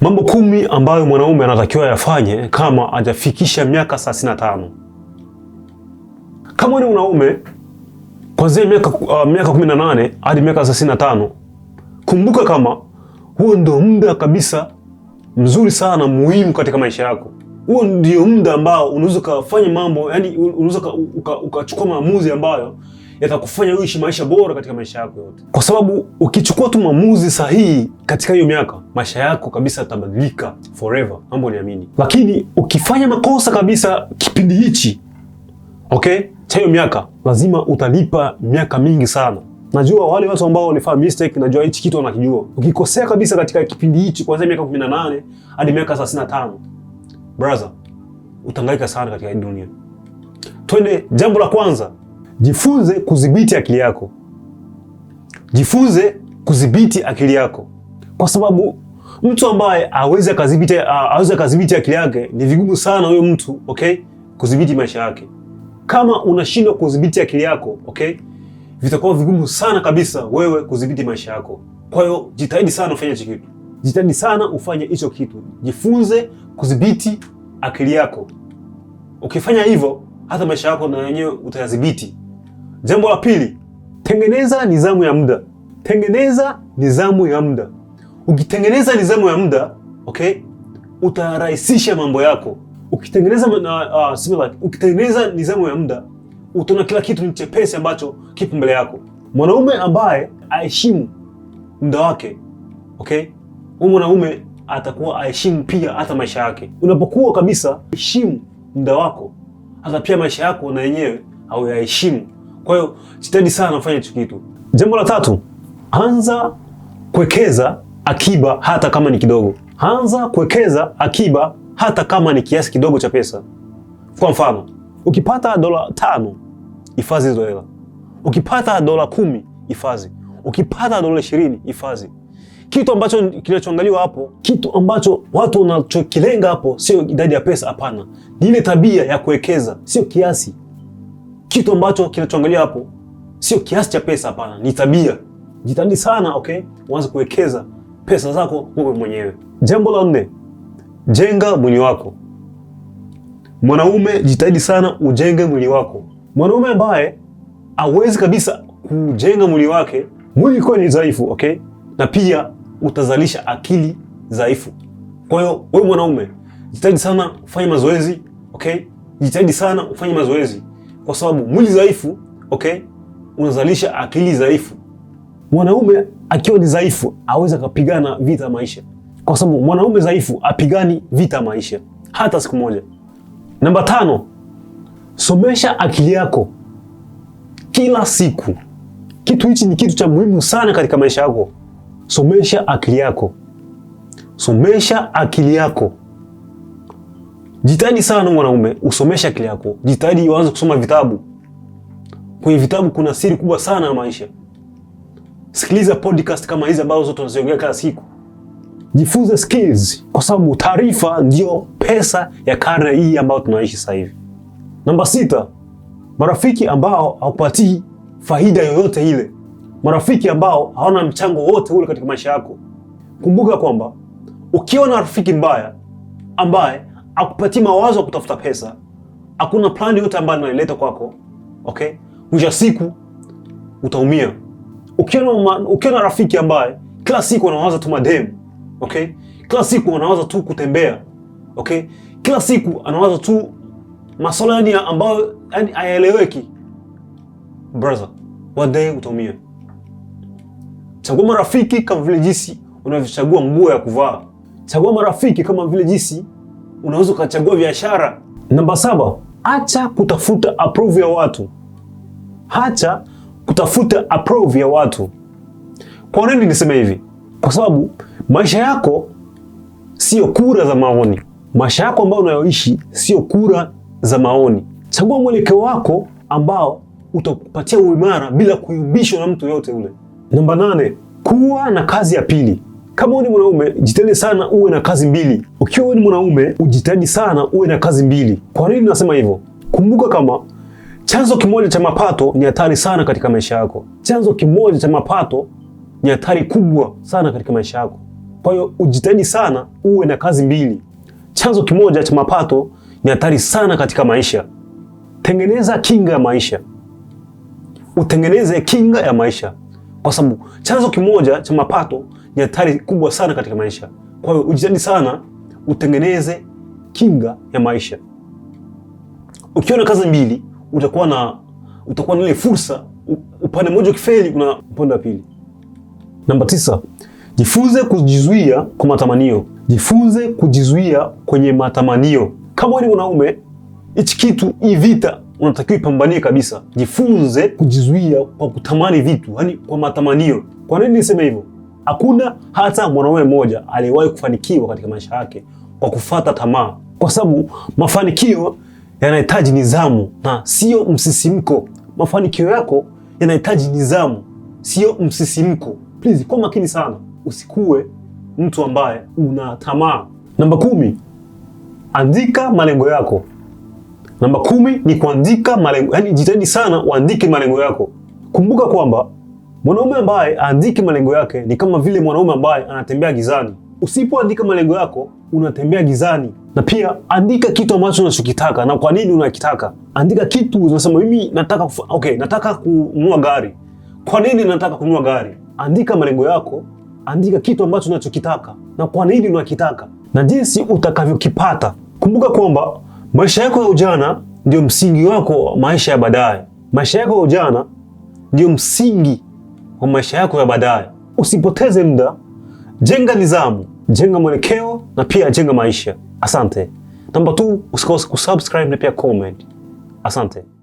Mambo kumi ambayo mwanaume anatakiwa yafanye kama hajafikisha miaka 35. Kama ni mwanaume kuanzia miaka uh, miaka 18 hadi miaka 35, kumbuka kama huo ndio muda kabisa mzuri sana muhimu katika maisha yako. Huo ndio muda ambao unaweza kufanya mambo, yani unaweza ukachukua maamuzi ambayo yatakufanya uishi maisha bora katika maisha yako yote, kwa sababu ukichukua tu maamuzi sahihi katika hiyo miaka, maisha yako kabisa yatabadilika forever, mambo niamini. Lakini ukifanya makosa kabisa kipindi hichi okay, cha hiyo miaka, lazima utalipa miaka mingi sana. Najua wale watu ambao walifanya mistake, najua hichi kitu wanakijua. Ukikosea kabisa katika kipindi hichi, kuanzia miaka 18 hadi miaka 35, brother, utangaika sana katika hii dunia. Twende jambo la kwanza. Jifunze kudhibiti akili yako, jifunze kudhibiti akili yako, kwa sababu mtu ambaye aweze akadhibiti aweze akadhibiti akili yake, ni vigumu sana huyo mtu okay, kudhibiti maisha yake. Kama unashindwa kudhibiti akili yako okay, vitakuwa vigumu sana kabisa wewe kudhibiti maisha yako. Kwa hiyo jitahidi sana ufanye hicho kitu, jitahidi sana ufanye hicho kitu, jifunze kudhibiti akili yako. Ukifanya hivyo, hata maisha yako na wenyewe utayadhibiti. Jambo la pili, tengeneza nidhamu ya muda. Tengeneza nidhamu ya muda. Ukitengeneza nidhamu ya muda, okay, utarahisisha mambo yako. Ukitengeneza uh, uh, ukitengeneza nidhamu ya muda, utaona kila kitu ni chepesi ambacho kipo mbele yako. Mwanaume ambaye aheshimu muda wake, okay, huyu mwanaume atakuwa aheshimu pia hata maisha yake. Unapokuwa kabisa heshimu muda wako, hata pia maisha yako na yenyewe au yaheshimu. Kwa hiyo jitahidi sana ufanye hicho kitu. Jambo la tatu, anza kuwekeza akiba hata kama ni kidogo. Anza kuwekeza akiba hata kama ni kiasi kidogo cha pesa. Kwa mfano, ukipata dola tano hifadhi hizo hela. Ukipata dola kumi hifadhi. Ukipata dola ishirini hifadhi. Kitu ambacho kinachoangaliwa hapo, kitu ambacho watu wanachokilenga hapo sio idadi ya pesa, hapana. Ni ile tabia ya kuwekeza, sio kiasi kitu ambacho kinachoangalia hapo sio kiasi cha pesa, hapana, ni tabia. Jitahidi sana okay, uanze kuwekeza pesa zako wewe mwenyewe. Jambo la nne, jenga mwili wako. Mwanaume, jitahidi sana ujenge mwili wako. Mwanaume ambaye hawezi kabisa kujenga mwili wake, mwili kwa ni dhaifu okay, na pia utazalisha akili dhaifu. Kwa hiyo wewe mwanaume, jitahidi sana ufanye mazoezi okay, jitahidi sana ufanye mazoezi kwa sababu mwili dhaifu okay, unazalisha akili dhaifu. Mwanaume akiwa ni dhaifu aweza akapigana vita maisha, kwa sababu mwanaume dhaifu apigani vita maisha hata siku moja. Namba tano, somesha akili yako kila siku. Kitu hichi ni kitu cha muhimu sana katika maisha yako. Somesha akili yako, somesha akili yako. Jitahidi sana mwanaume, usomeshe akili yako. Jitahidi uanze kusoma vitabu. Kwenye vitabu kuna siri kubwa sana ya maisha. Sikiliza podcast kama hizi ambazo zote tunaziongea kila siku. Jifunze skills kwa sababu taarifa ndio pesa ya karne hii ambayo tunaishi sasa hivi. Namba sita, marafiki ambao hawapatii faida yoyote ile, marafiki ambao hawana mchango wote ule katika maisha yako. Kumbuka kwamba ukiwa na rafiki mbaya ambaye akupatii mawazo ya kutafuta pesa, hakuna plan yote ambayo anaileta kwako, okay? Mwisho siku utaumia. Ukiwa na rafiki ambaye kila siku anawaza tu madem, okay? Kila siku anawaza tu kutembea, okay? Kila siku anawaza tu masuala yani ambayo yani hayaeleweki, brother, one day utaumia. Chagua marafiki kama vile jinsi unavyochagua nguo ya kuvaa. Chagua marafiki kama vile jinsi unaweza ukachagua biashara. Namba saba, acha kutafuta approve ya watu. Acha kutafuta approve ya watu. Kwa nini niseme hivi? Kwa sababu maisha yako sio kura za maoni. Maisha yako ambayo unayoishi sio kura za maoni. Chagua mwelekeo wako ambao utakupatia uimara bila kuyumbishwa na mtu yote ule. Namba nane, kuwa na kazi ya pili. Kama wewe ni mwanaume, jitahidi sana uwe na kazi mbili. Ukiwa wewe ni mwanaume, ujitahidi sana uwe na kazi mbili. Kwa nini nasema hivyo? Kumbuka kama chanzo kimoja cha mapato ni hatari sana katika maisha yako. Chanzo kimoja cha mapato ni hatari kubwa sana katika maisha yako. Kwa hiyo ujitahidi sana uwe na kazi mbili. Chanzo kimoja cha mapato ni hatari sana katika maisha. Tengeneza kinga ya maisha, utengeneze kinga ya maisha kwa sababu chanzo kimoja cha mapato ni hatari kubwa sana katika maisha. Kwa hiyo ujitahidi sana utengeneze kinga ya maisha. Ukiwa na kazi mbili, utakuwa na utakuwa na ile fursa, upande mmoja ukifeli, kuna upande wa pili. Namba tisa, jifunze kujizuia kwa matamanio. Jifunze kujizuia kwenye matamanio. Kama wewe ni mwanaume, hichi kitu hii vita unatakiwa ipambanie kabisa. Jifunze kujizuia kwa kutamani vitu, yani kwa matamanio. Kwa nini niseme hivyo? Hakuna hata mwanaume mmoja aliyewahi kufanikiwa katika maisha yake kwa kufata tamaa, kwa sababu mafanikio yanahitaji nidhamu na sio msisimko. Mafanikio yako yanahitaji nidhamu, sio msisimko. Please, kwa makini sana, usikue mtu ambaye una tamaa. Namba kumi, andika malengo yako. Namba kumi ni kuandika malengo, yani jitahidi sana uandike malengo yako. Kumbuka kwamba mwanaume ambaye aandiki malengo yake ni kama vile mwanaume ambaye anatembea gizani. Usipoandika malengo yako unatembea gizani. Na pia andika kitu ambacho unachokitaka na kwa nini unakitaka. Andika kitu unasema mimi nataka kufa, okay, nataka kununua gari. Kwa nini nataka kununua gari? Andika malengo yako, andika kitu ambacho unachokitaka na kwa nini unakitaka na jinsi utakavyokipata. Kumbuka kwamba Maisha yako ya ujana ndio msingi wako wa maisha ya baadaye. Maisha yako ya ujana ndio msingi wa maisha yako ya baadaye. Usipoteze muda, jenga nidhamu, jenga mwelekeo na pia jenga maisha. Asante. Namba tu, usikose kusubscribe na pia comment. Asante.